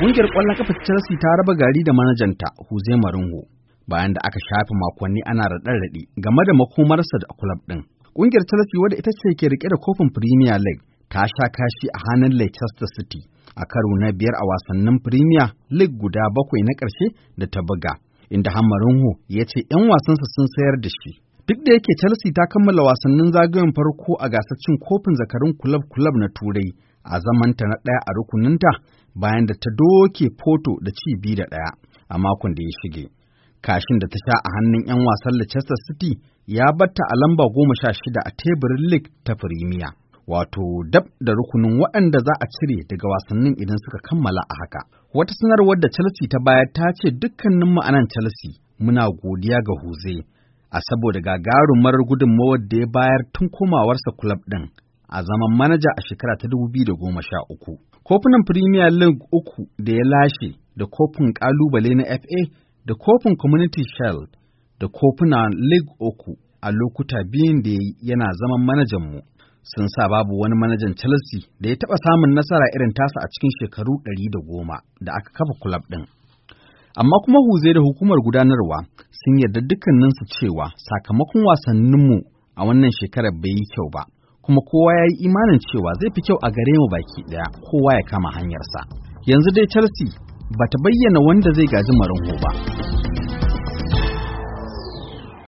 Ƙungiyar ƙwallon kafa Chelsea ta raba gari da manajanta Jose Mourinho bayan da aka shafe makonni ana raɗe-raɗe game da makomarsa da kulab ɗin. Ƙungiyar Chelsea wadda ita ce ke rike da kofin Premier League ta sha kashi a hannun Leicester City a karo na biyar a wasannin Premier League guda bakwai na ƙarshe da ta buga, inda Hamarinho ya ce 'yan wasansa sun sayar da shi. Duk da yake Chelsea ta kammala wasannin zagayen farko a gasar cin kofin zakarun kulab-kulab na Turai a zamanta na ɗaya a rukuninta, bayan da ta doke foto da ci biyu da ɗaya a makon da ya shige. Kashin da ta sha a hannun 'yan wasan Leicester City ya batta a lamba goma sha shida a teburin League ta Firimiya. Wato dab da rukunin waɗanda za a cire daga wasannin idan suka kammala a haka. Wata sanarwar da Chelsea ta bayar ta ce dukkanin ma'anan Chelsea muna godiya ga Huze a saboda gagarumar gudunmawar da ya bayar tun komawarsa kulab ɗin a zaman manaja a shekara ta dubu da sha uku, Kofunan Premier League uku da ya lashe da kofin kalubale na FA da kofin Community Shield da kofunan League uku a lokuta biyun da yana zaman manajanmu. Sun sa babu wani manajan Chelsea da ya taɓa samun nasara irin tasa a cikin shekaru 110 da aka kafa kulab ɗin. Amma kuma huzai da hukumar gudanarwa sun yarda dukkaninsu cewa sakamakon wasanninmu a wannan shekarar bai yi kyau ba. kuma kowa ya yi imanin cewa zai fi kyau a gare mu baki ɗaya kowa ya kama hanyarsa yanzu dai chelsea bata bayyana wanda zai gaji marin ba